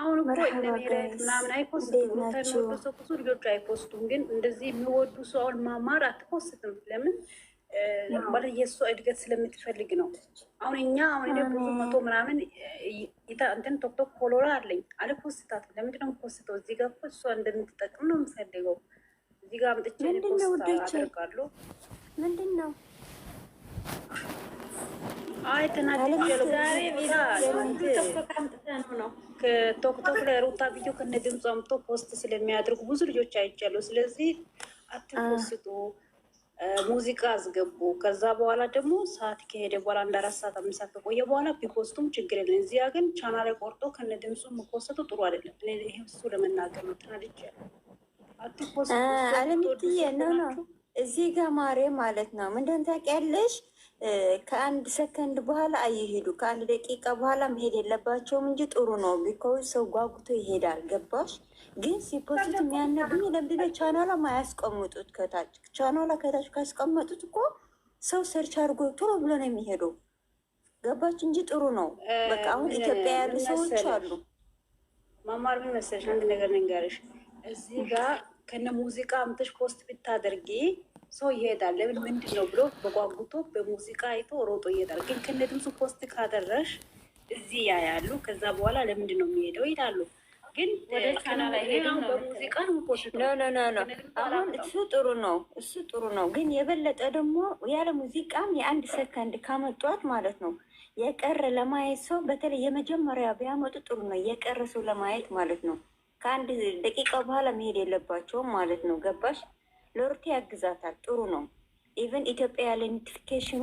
አሁን እኮ እነ ሜረት ምናምን አይፖስቱም፣ ተሚወዱሰቁሱ ልጆቹ አይፖስቱም። ግን እንደዚህ የሚወዱ ሰው አሁን ማማር አትፖስትም። ለምን ባለ የእሷ እድገት ስለምትፈልግ ነው። አሁን እኛ አሁን ደ ብዙ መቶ ምናምን እንትን ቶክቶክ ኮሎራ አለኝ አልፖስታትም። ለምንድን ነው የምፖስተው? እዚህ ጋር እኮ እሷ እንደምትጠቅም ነው የምፈልገው። እዚህ ጋር አምጥቼ ፖስት አደርጋለሁ። ምንድን ነው አይ ተናግሬያለሁ። ላይ ሩታ ቪዲዮ ከነ ድምፅ አምጥቶ ፖስት ስለሚያደርጉ ብዙ ልጆች አይቻለሁ። ስለዚህ አትፖስቱ፣ ሙዚቃ አስገቡ። ከዛ በኋላ ደግሞ ሰዓት ከሄደ በኋላ አንድ አራት ሰዓት አምስት ሰዓት ከቆየ በኋላ ቢፖስቱም ችግር የለም። እዚያ ግን ቻናል ላይ ቆርጦ ከነ ድምፁ መኮሰቱ ጥሩ አይደለም። ይህ እሱ ለመናገር ነው። ተናድቻለሁ። አትፖስቱ አለምትዬ ነው ነው እዚህ ጋር ማሬ ማለት ነው ምንድን ታውቂያለሽ? ከአንድ ሰከንድ በኋላ አይሄዱ፣ ከአንድ ደቂቃ በኋላ መሄድ የለባቸውም እንጂ ጥሩ ነው። ቢኮዝ ሰው ጓጉቶ ይሄዳል። ገባሽ? ግን ሲፖስት የሚያነብኝ ለምንድነው ቻናላ ማያስቀምጡት? ከታች ቻናላ ከታች ካስቀመጡት እኮ ሰው ሰርች አድርጎ ቶሎ ብሎ ነው የሚሄደው። ገባች? እንጂ ጥሩ ነው። በቃ አሁን ኢትዮጵያ ያሉ ሰዎች አሉ። ማማር ምን መሰለሽ፣ አንድ ነገር ልንገርሽ። እዚህ ጋር ከነ ሙዚቃ አምጥሽ ፖስት ብታደርጊ ሰው ይሄዳል። ለምን ምንድን ነው ብሎ በጓጉቶ በሙዚቃ አይቶ ሮጦ ይሄዳል። ግን ከነ ፖስት ካደረሽ እዚህ ያያሉ። ከዛ በኋላ ለምንድን ነው የሚሄደው ይላሉ። ግን በሙዚቃ ነው ፖስት አሁን እሱ ጥሩ ነው፣ እሱ ጥሩ ነው። ግን የበለጠ ደግሞ ያለ ሙዚቃም የአንድ ሰከንድ ካመጧት ማለት ነው የቀረ ለማየት ሰው በተለይ የመጀመሪያ ቢያመጡ ጥሩ ነው። የቀረ ሰው ለማየት ማለት ነው ከአንድ ደቂቃ በኋላ መሄድ የለባቸውም ማለት ነው። ገባሽ? ለሩታ ያግዛታል። ጥሩ ነው። ኢቨን ኢትዮጵያ ያለ ኖቲፊኬሽኑ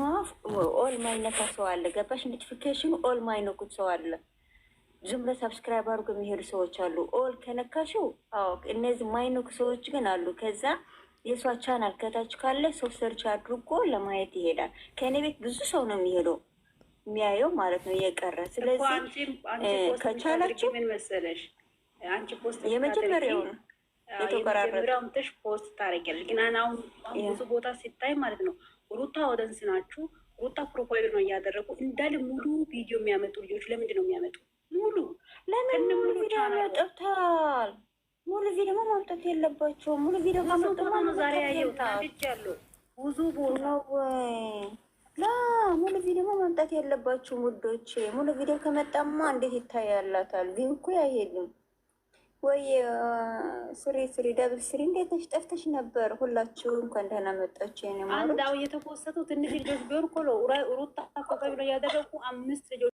ኦል ነካ ሰው አለ። ገባሽ? ኖቲፊኬሽኑ ኦል ነኩት ሰው አለ። ዝም ብሎ ሰብስክራይብ አድርጎ የሚሄዱ ሰዎች አሉ። ኦል ከነካሽው እነዚህ ማይነኩ ሰዎች ግን አሉ። ከዛ የእሷ ቻናል ከታች ካለ ሰው ሰርች አድርጎ ለማየት ይሄዳል። ከእኔ ቤት ብዙ ሰው ነው የሚሄደው የሚያየው ማለት ነው እየቀረ ስለዚህ ከቻላችሁ የመጀመሪያው ነው የተቆራረጠውምትሽ ፖስት ታደርጊያለሽ። ግን አሁን ብዙ ቦታ ሲታይ ማለት ነው ሩታ ወደንስ ናችሁ ሩታ ፕሮፋይል ነው እያደረጉ እንዳለ ሙሉ ቪዲዮ የሚያመጡ ልጆች ለምንድን ነው የሚያመጡ? ሙሉ ለምን ሙሉ ቪዲዮ ያመጡታል? ሙሉ ቪዲዮ ማምጣት የለባቸውም። ሙሉ ቪዲዮ ማምጣት ዛሬ ያየውታልጃለሁ ብዙ ቦታ ሙሉ ቪዲዮ ማምጣት የለባቸውም ውዶቼ። ሙሉ ቪዲዮ ከመጣማ እንዴት ይታያላታል? ቪው አይሄድም። ወይ ስሪ ስሪ ደብል ስሪ እንዴት ነሽ? ጠፍተሽ ነበር። ሁላችሁ እንኳን ደህና መጣችሁ። አንዳው የተኮሰቱ ትንሽ ልጆች ቢሆን እኮ ሩታ ብሎ ያደረጉ አምስት ልጆች